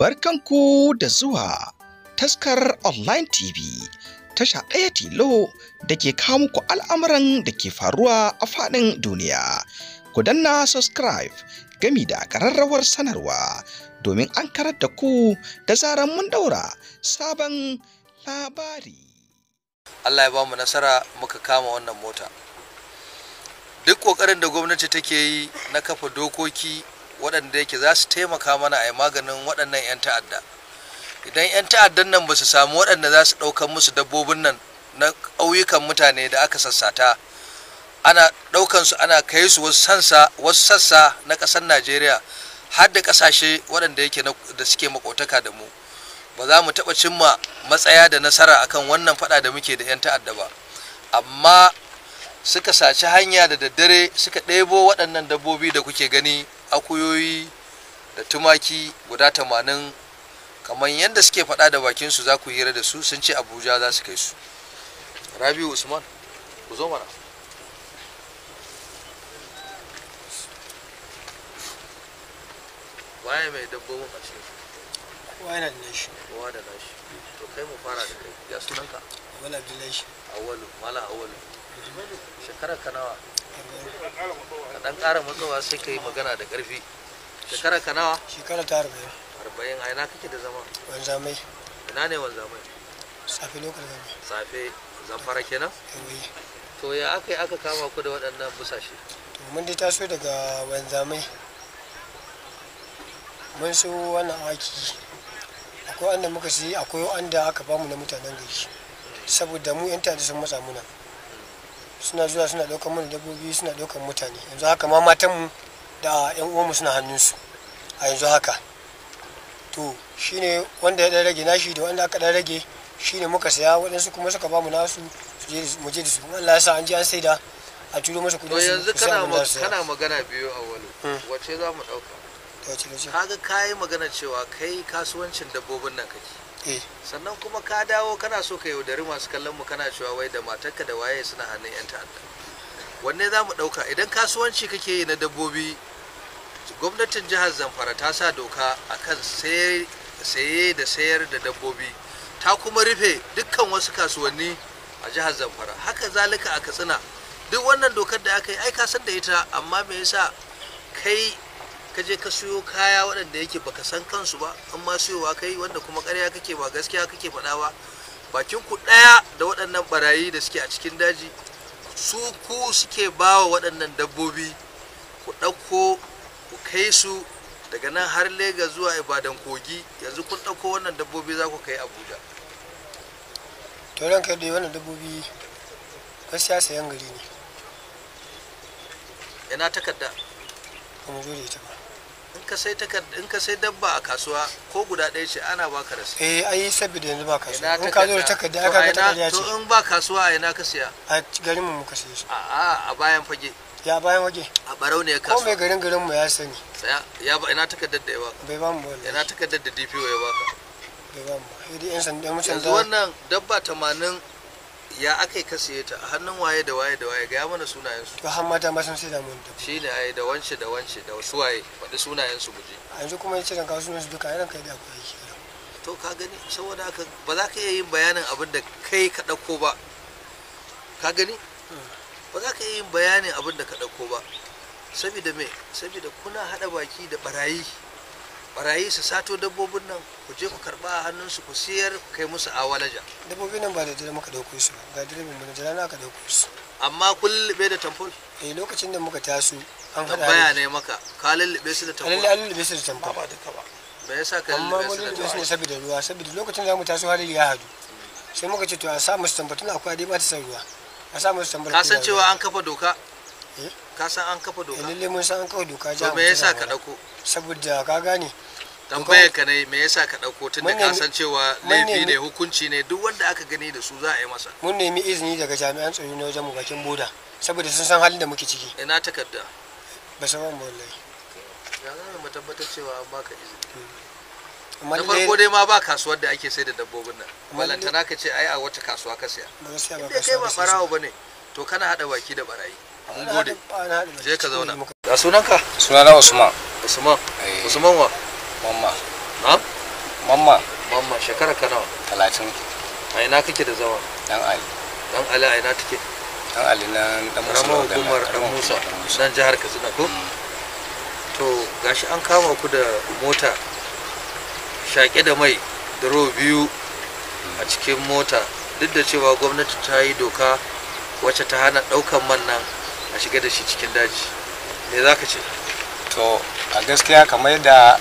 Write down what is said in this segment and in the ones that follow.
barkanku da zuwa taskar online tv tasha ɗaya tilo da ke kawo muku al'amuran da ke faruwa a faɗin duniya ku danna subscribe gami da ƙararrawar sanarwa domin an karar da ku da zaran mun daura sabon labari Allah ya ba mu nasara muka kama wannan mota duk ƙoƙarin da gwamnati take yi na kafa dokoki waɗanda yake za su taimaka mana a yi maganin waɗannan 'yan ta'adda idan 'yan ta'addan nan ba su samu waɗanda za su ɗaukan musu dabbobin nan na ƙauyukan mutane da aka sassata ana ɗaukan su ana kai su wasu sassa na ƙasar najeriya har da ƙasashe waɗanda yake da suke makotaka da mu ba za mu taɓa cimma matsaya da nasara akan wannan faɗa da muke da 'yan ta'adda ba amma suka saci hanya da daddare suka ɗebo waɗannan dabbobi da kuke gani akuyoyi da tumaki guda tamanin kamar yadda suke faɗa da bakinsu za ku hira da su sun ce abuja za su kai su rabi usman ku zo mana waye mai dabbobin a cikin waye da nashi kowa da nashi to kai mu fara da kai ya sunanka awal abdullahi awalu mala awalu shekara ka nawa ka dan ƙara matsowa sai ka yi magana da ƙarfi shekara ka nawa shekara ta arba'in arba'in a ina kake da zama wanzamai ina ne wanzamai safe lokal zama safe zamfara kenan to ya aka yi aka kama ku da waɗannan busashe to mun dai taso daga wanzamai mun so wannan aiki. akwai wanda muka sai akwai wanda aka bamu na mutanen gari saboda mu yan tada sun matsa muna suna zuwa suna ɗaukar mana dabbobi suna ɗaukar mutane yanzu haka ma matanmu da 'yan uwanmu suna hannunsu a yanzu haka to shine wanda ya ɗan rage nashi da wanda aka ɗan rage shine muka saya waɗansu kuma suka bamu nasu su je mu je da su Allah ya sa an je an saida a turo masa kuɗi yanzu kana kana magana biyu a wani hmm. wace za mu ɗauka kaga kayi magana cewa kai kasuwancin dabbobin nan kake Eh. sannan kuma ka dawo kana so ka yaudari masu kallon mu kana cewa wai da matarka da waye suna hannun yan ta'adda wanne za mu ɗauka idan kasuwanci kake yi na dabbobi gwamnatin jihar zamfara ta sa doka a kan saye da sayar da dabbobi ta kuma rufe dukkan wasu kasuwanni a jihar zamfara haka zalika a katsina duk wannan dokar da aka yi aika ka san da ita amma me yasa kai ka je ka siyo kaya waɗanda yake baka san kansu ba amma siyowa kai wanda kuma ƙarya kake ba gaskiya kake faɗa ba bakin ku ɗaya da waɗannan barayi da suke a cikin daji su ku suke bawa waɗannan dabbobi ku ɗauko ku kai su daga nan har Legas zuwa Ibadan kogi yanzu kun ɗauko wannan dabbobi za ku kai Abuja. To ran kai dai wannan dabbobi gaskiya sayan gari ne. Ina takarda. Kuma gode ta ba. in ka sai in ka sai dabba a kasuwa ko guda ɗaya ce ana baka da sai eh ai saboda yanzu ba kasuwa in ka zo da takarda aka ga takarda ce to in ba kasuwa a ina ka siya a garin mu muka siya A a a bayan fage ya bayan waje a barau ne kasuwa ko mai garin garin mu ya sani ya ba ina takardar da ya baka bai ba mu ba ina takardar da DPO ya baka bai ba mu ba sai dai yan sanda mutane wannan dabba 80 ya aka yi kasiye ta a hannun waye da waye da waye ga mana sunayensu to har mata ma sun sai da mun shi ne ai da wance da wance da wasu waye faɗi sunayensu guje yanzu kuma yace dan kawo sunansu duka yaran kai da akwai yake to ka gani saboda haka ba za ka iya yin bayanin abin da kai ka ba ka gani hmm. ba za ka iya yin bayanin abin da ka ɗauko ba saboda me saboda kuna haɗa baki da barayi barayi su sato dabbobin nan ku je ku karba a hannunsu ku siyar ku kai musu a walaja dabbobin nan ba da dare muka dauko su ga direbin mai da jira na ka dauko su amma kun lube da tamfol eh lokacin da muka taso an hada baya ne maka ka lullube su da tamfol lalle an lullube su da tamfol ba duka ba me yasa ka lullube su da tamfol amma mun lullube su ne saboda ruwa saboda lokacin da mu taso hali ya hadu sai muka ce to a sa musu tamfol tun akwai dai ba ta san ruwa a sa musu tamfol ka san cewa an kafa doka eh ka san an kafa doka eh, lalle mun san an kafa doka ja me yasa ka dauko saboda ka gane tambayar ka ne me yasa ka dauko tun da ka san cewa laifi ne hukunci ne duk wanda aka gani da su za a yi masa mun nemi izini daga jami'an tsaro na wajen bakin boda saboda sun san halin da muke ciki ina takarda ba san ba wallahi ya za mu tabbatar cewa an baka izini hmm. na farko dai ma ba kasuwar da ake saida da dabbobin nan balantana ka ce ai a wata kasuwa ka siya ba kai ba barawo bane to kana hada baki da barayi mun gode je ka zauna da sunanka sunana usman usman eh. usman wa mamma na mamma mamma shekara ka nawa talatin a ina kake da zama dan ali dan ali a ina take dan ali na dan musa ramar hukumar dan musa nan jihar katsina ko mm. to gashi an kama ku da mota shaƙe da mai duro biyu a cikin mota duk da cewa gwamnati ta yi doka wacce ta hana ɗaukan man nan shiga da shi cikin daji me za ka ce to a gaskiya kamar da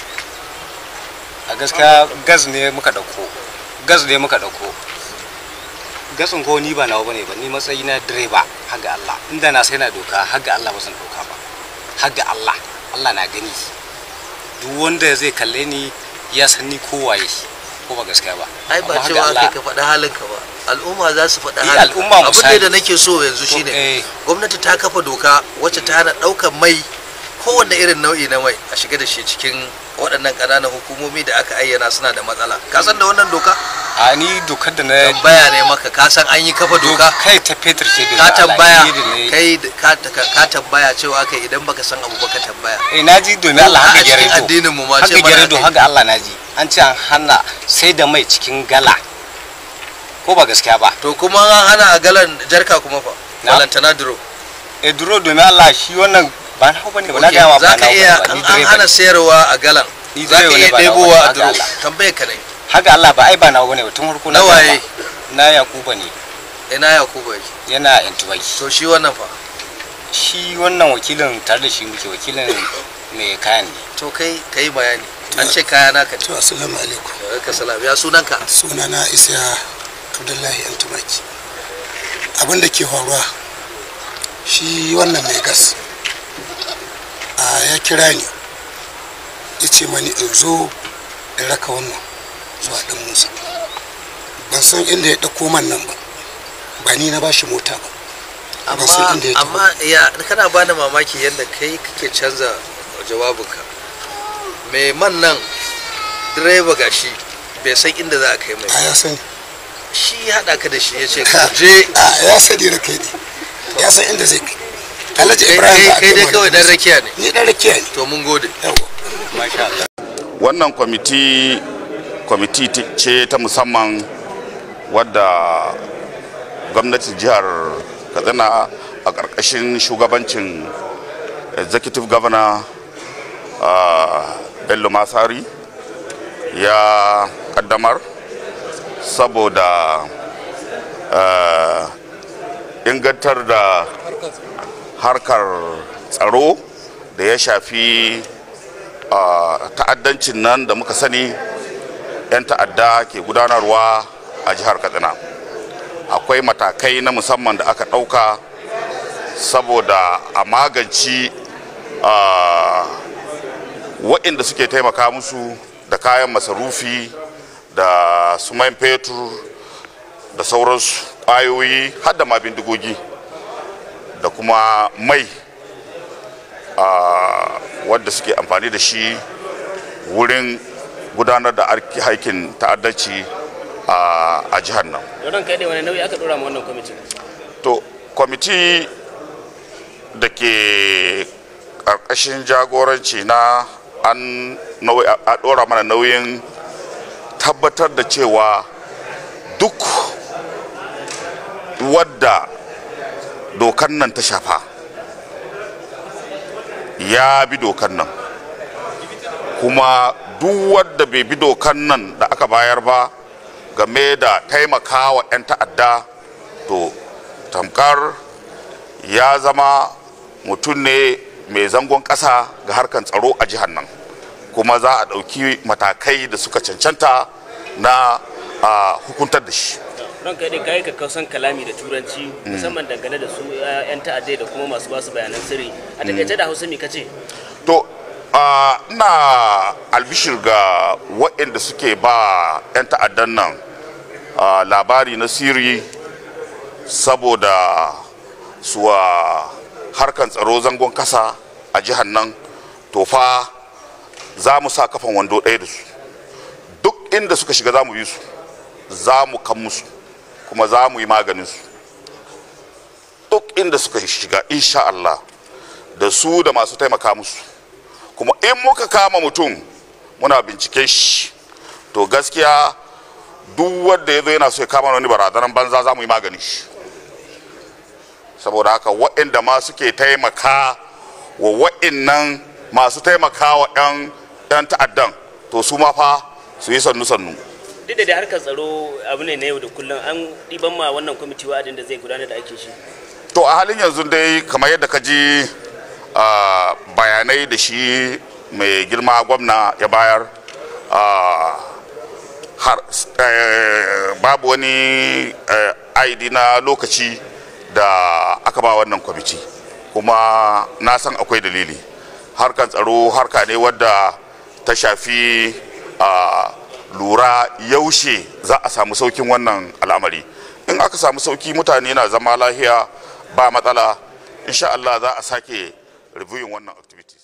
a gaskiya gas ne muka dauko gas ne muka dauko gasin ko ni ba nawa bane ba ni matsayi na direba ga Allah inda na sai na doka ga Allah ba san doka ba ga Allah Allah na gani duk wanda zai kalle ni ya san ni kowaye ko ba gaskiya ba ai ba cewa kai ka faɗa halinka ba al'umma za su faɗa eh, halin al'umma abin da nake so yanzu shine eh. gwamnati ta kafa doka wacce ta hana ɗaukan mai kowanne irin nau'i na mai a shiga da shi cikin waɗannan ƙananan hukumomi da aka ayyana suna da matsala ka san da wannan doka a ni dokar da na tambaya ne maka ka san an yi kafa doka kai ta fetur ce da ka tambaya kai ka tambaya cewa kai idan baka san abu baka tambaya eh naji don Allah haka gare do addinin mu ma ce haka gare do haka Allah naji an ce an hana sai da mai cikin gala ko ba gaskiya ba to kuma an hana a galan jarka kuma fa balantana duro eh duro don Allah shi wannan ba hau bane ba na ga ma ba na ga ba za ka iya an hana sayarwa a galan za ka iya ɗebowa a duro tambaye ka nai haka Allah ba ai ba na bane tun farko na waye na Yakuba ne Eh na Yakuba yake yana Intubai to shi wannan fa shi wannan wakilin tare da shi muke wakilin mai kayan ne to kai kai bayani an ce kaya naka to assalamu alaikum alaikum salam ya sunan sunanka sunana Isa Abdullahi Intumaki abin da ke faruwa shi wannan mai gas A ya kira ni ya ce mani in zo in raka wannan zuwa dan musa ban san inda ya ɗauko man nan ba ba ni na bashi mota ba ban inda ya amma ya kana bani mamaki yadda kai kake canza jawabinka mai man nan direba gashi bai san inda za a kai mai a ya sani shi ya haɗa ka da shi ya ce je ya sani da kai ne ya san inda zai kai alhaji ibrahim kai dai kawai dan rakiya ne ni dan rakiya ne to mun gode yawa wannan kwamiti kwamiti ce ta musamman wadda gwamnatin jihar kaduna a ƙarƙashin shugabancin executive governor bello masari ya ƙaddamar saboda ingantar da harkar tsaro da ya shafi ta'addancin nan da muka sani 'yan ta'adda ke gudanarwa a jihar katsina akwai matakai na musamman da aka ɗauka saboda a magance waɗanda suke taimaka musu da kayan masarufi da su man fetur da sauransu ƙwayoyi har da ma bindigogi da kuma mai wadda suke amfani da shi wurin gudanar da haikin ta'addaci a jihar nan. Yaron kai ne wani nauyi aka dora ma wannan kwamiti? To, kwamiti da ke ƙarƙashin jagoranci na an a dora mana nauyin tabbatar da cewa duk wadda dokan nan ta shafa ya bi dokan nan kuma duk wadda bai bi dokan nan da aka bayar ba game da taimakawa 'yan ta'adda to tamkar ya zama mutum ne mai zangon ƙasa ga harkar tsaro a jihar nan kuma za a ɗauki matakai da suka cancanta na hukuntar da shi don kai dai ka kausan kalami da turanci mm. musamman dangane da su 'yan ta'addai da kuma masu basu bayanan sirri a takaice da hausa me kace to ina albishir ga waɗanda suke ba 'yan ta'addan nan labari na siri saboda suwa harkan tsaro zangon kasa a jihar nan to fa za mu sa kafan wando ɗaya da su duk inda suka shiga za mu bi su za mu kan musu kuma za mu yi maganin su duk inda suka shiga insha Allah da su da masu taimaka musu kuma in muka kama mutum muna bincike shi to gaskiya duk wanda ya zo yana so ya kama wani barazanar banza za mu yi magani shi saboda haka waɗanda ma suke taimaka wa waɗannan masu taimaka wa 'yan ta'addan to su ma fa su yi sannu-sannu duk da harkar tsaro abu ne na yau da kullum an ɗiban ma wannan kwamiti wa'adin da zai gudanar da ake shi to a halin yanzu dai kamar yadda ka ji Ah, bayanai da shi mai girma gwamna ya bayar ah, eh, babu wani eh, id na lokaci da aka ba wannan kwamiti kuma na san akwai dalili harkar tsaro harka ne wadda ta shafi ah, lura yaushe za a samu saukin wannan al'amari in aka samu sauki mutane na zama lahiya ba matsala insha Allah za a sake reviewing one activity